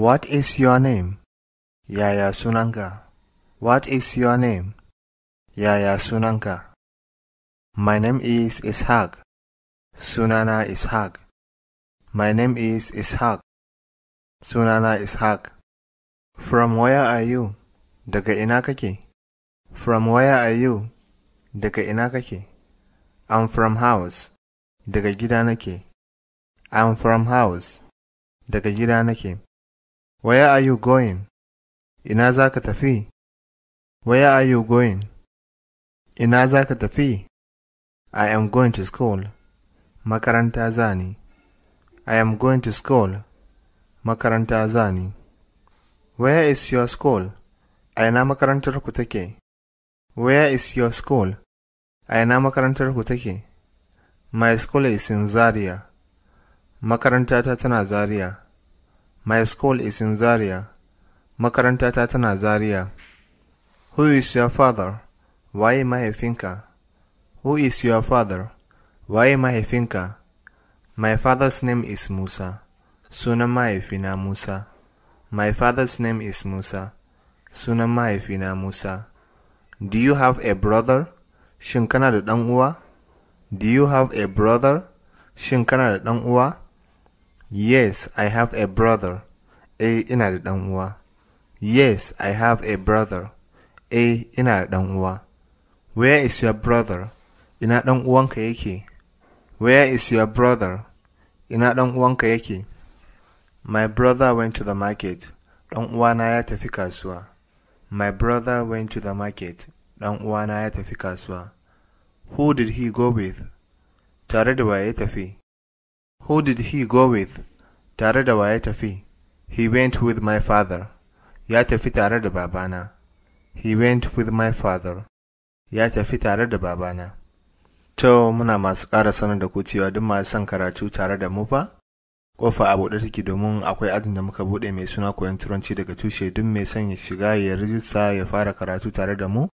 What is your name? Yaya Sunanga? What is your name? Yaya Sunanga? My name is Ishaq. Sunana Ishaq. My name is Ishaq. Sunana Ishaq. From where are you? Daga ina kake? From where are you? Daga ina kake? I'm from house. Daga gida nake. I'm from house. Daga gida nake. Where are you going? Ina za ka tafi? Where are you going? Ina za ka tafi? I am going to school. Makaranta zani. I am going to school. Makaranta zani. Where is your school? A ina makarantar ku take? Where is your school? A ina makarantar ku take? My school is in Zaria. Makarantata tana Zaria. My school is in Zaria. Makarantata tana Zaria. Who is your father? Why my finka? Who is your father? Why my finka? My father's name is Musa. Sunan mahaifina Musa. My father's name is Musa. Sunan mahaifina Musa. Do you have a brother? Shin da Do you have a brother? Shin da Yes, I have a brother. Eh, ina da ɗan uwa. Yes, I have a brother. Eh, ina da ɗan uwa. Where is your brother? Ina ɗan uwanka yake? Where is your brother? Ina ɗan uwanka yake? My brother went to the market. Ɗan uwana ya tafi kasuwa. My brother went to the market. Ɗan uwana ya tafi kasuwa. Who did he go with? Tare da waye ya tafi? Who did he go with? Tare da wa ya tafi? He went with my father. Ya tafi tare da babana. He went with my father. Ya tafi tare da babana. To muna masu ƙara sanar da ku cewa duk masu son karatu tare da mu fa? Kofa a buɗe take domin akwai ajin da muka buɗe mai suna koyon turanci daga tushe duk mai son ya shiga ya rijista ya fara karatu tare da mu?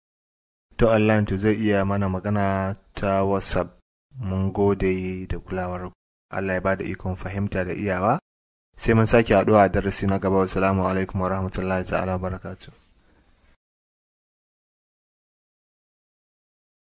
To online to zai iya mana magana ta WhatsApp. Mun gode da kulawarku. Allah ya ba da ikon fahimta da iyawa sai mun sake haɗuwa a darasi na gaba wasu alaikum wa rahmatullahi ta'ala barakatu